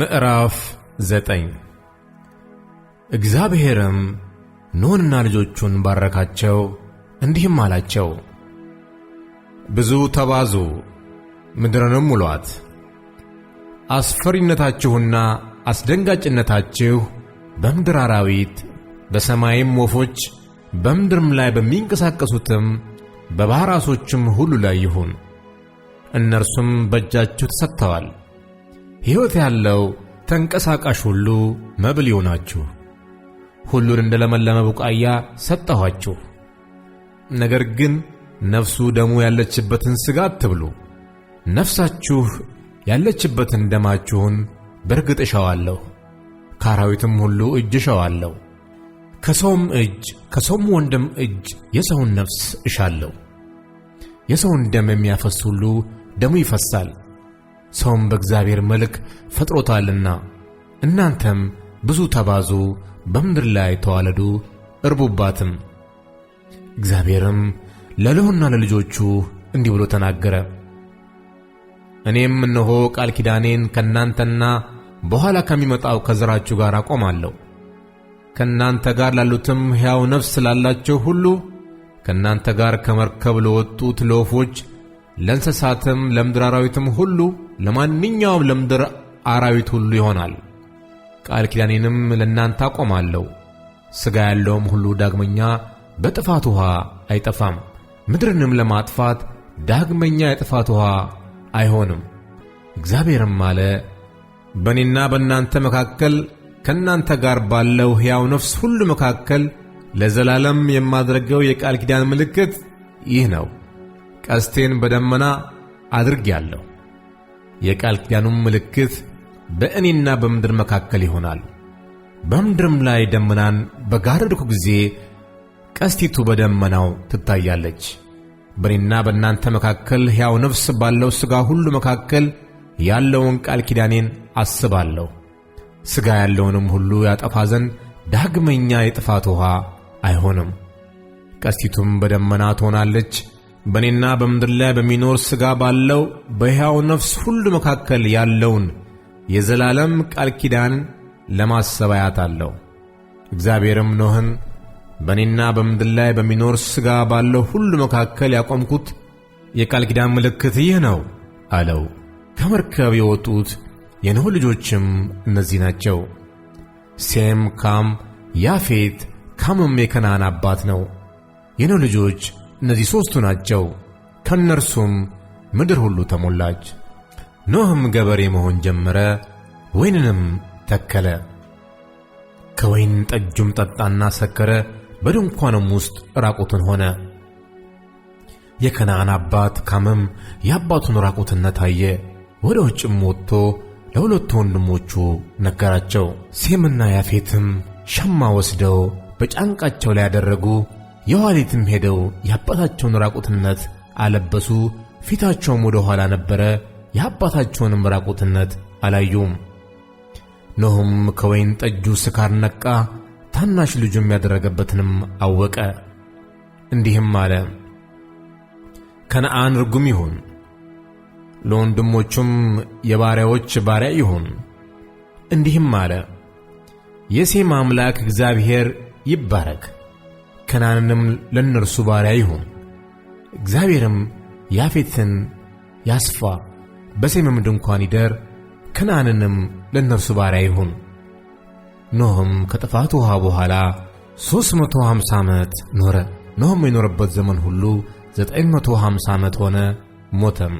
ምዕራፍ ዘጠኝ እግዚአብሔርም ኖንና ልጆቹን ባረካቸው፣ እንዲህም አላቸው፦ ብዙ ተባዙ፣ ምድርንም ሙሏት። አስፈሪነታችሁና አስደንጋጭነታችሁ በምድር አራዊት፣ በሰማይም ወፎች፣ በምድርም ላይ በሚንቀሳቀሱትም በባሕር ዓሦችም ሁሉ ላይ ይሁን። እነርሱም በእጃችሁ ተሰጥተዋል። ሕይወት ያለው ተንቀሳቃሽ ሁሉ መብል ይሆናችሁ። ሁሉን እንደ ለመለመ ቡቃያ ሰጠኋችሁ። ነገር ግን ነፍሱ ደሙ ያለችበትን ሥጋ አትብሉ። ነፍሳችሁ ያለችበትን ደማችሁን በርግጥ እሸዋለሁ፣ ከአራዊትም ሁሉ እጅ እሸዋለሁ። ከሰውም እጅ ከሰውም ወንድም እጅ የሰውን ነፍስ እሻለሁ። የሰውን ደም የሚያፈስ ሁሉ ደሙ ይፈሳል ሰውም በእግዚአብሔር መልክ ፈጥሮታልና። እናንተም ብዙ ተባዙ፣ በምድር ላይ ተዋለዱ፣ እርቡባትም። እግዚአብሔርም ለልሁና ለልጆቹ እንዲህ ብሎ ተናገረ። እኔም እነሆ ቃል ኪዳኔን ከእናንተና በኋላ ከሚመጣው ከዘራችሁ ጋር አቆማለሁ። ከእናንተ ጋር ላሉትም ሕያው ነፍስ ላላቸው ሁሉ ከእናንተ ጋር ከመርከብ ለወጡት ለወፎች ለእንስሳትም ለምድር አራዊትም ሁሉ ለማንኛውም ለምድር አራዊት ሁሉ ይሆናል። ቃል ኪዳኔንም ለእናንተ አቆማለሁ። ሥጋ ያለውም ሁሉ ዳግመኛ በጥፋት ውኃ አይጠፋም። ምድርንም ለማጥፋት ዳግመኛ የጥፋት ውኃ አይሆንም። እግዚአብሔርም አለ፣ በእኔና በእናንተ መካከል ከእናንተ ጋር ባለው ሕያው ነፍስ ሁሉ መካከል ለዘላለም የማድረገው የቃል ኪዳን ምልክት ይህ ነው። ቀስቴን በደመና አድርጌአለሁ፣ የቃል ኪዳኑም ምልክት በእኔና በምድር መካከል ይሆናል። በምድርም ላይ ደመናን በጋረድኩ ጊዜ ቀስቲቱ በደመናው ትታያለች። በእኔና በእናንተ መካከል ሕያው ነፍስ ባለው ሥጋ ሁሉ መካከል ያለውን ቃል ኪዳኔን አስባለሁ። ሥጋ ያለውንም ሁሉ ያጠፋ ዘንድ ዳግመኛ የጥፋት ውኃ አይሆንም። ቀስቲቱም በደመና ትሆናለች፣ በእኔና በምድር ላይ በሚኖር ሥጋ ባለው በሕያው ነፍስ ሁሉ መካከል ያለውን የዘላለም ቃል ኪዳን ለማሰብ አያታለሁ። እግዚአብሔርም ኖኅን በእኔና በምድር ላይ በሚኖር ሥጋ ባለው ሁሉ መካከል ያቆምኩት የቃል ኪዳን ምልክት ይህ ነው አለው። ከመርከብ የወጡት የኖኅ ልጆችም እነዚህ ናቸው። ሴም፣ ካም፣ ያፌት። ካምም የከናን አባት ነው። የኖኅ ልጆች እነዚህ ሦስቱ ናቸው። ከእነርሱም ምድር ሁሉ ተሞላች። ኖህም ገበሬ መሆን ጀመረ፣ ወይንንም ተከለ። ከወይን ጠጁም ጠጣና ሰከረ፣ በድንኳንም ውስጥ ራቁትን ሆነ። የከነዓን አባት ካምም የአባቱን ራቁትነት አየ። ወደ ውጭም ወጥቶ ለሁለቱ ወንድሞቹ ነገራቸው። ሴምና ያፌትም ሸማ ወስደው በጫንቃቸው ላይ ያደረጉ የኋሊትም ሄደው የአባታቸውን ራቁትነት አለበሱ። ፊታቸውም ወደ ኋላ ነበረ፣ የአባታቸውንም ራቁትነት አላዩም። ኖኅም ከወይን ጠጁ ስካር ነቃ፣ ታናሽ ልጁ የሚያደረገበትንም አወቀ። እንዲህም አለ፣ ከነአን ርጉም ይሁን፣ ለወንድሞቹም የባሪያዎች ባሪያ ይሁን። እንዲህም አለ፣ የሴም አምላክ እግዚአብሔር ይባረክ። ከናንንም ለእነርሱ ባሪያ ይሁን። እግዚአብሔርም ያፌትን ያስፋ፣ በሴምም ድንኳን ይደር፣ ከናንንም ለእነርሱ ባሪያ ይሁን። ኖህም ከጥፋት ውሃ በኋላ 350 መቶ ዓመት ኖረ። ኖህም የኖረበት ዘመን ሁሉ 950 መቶ ዓመት ሆነ፣ ሞተም።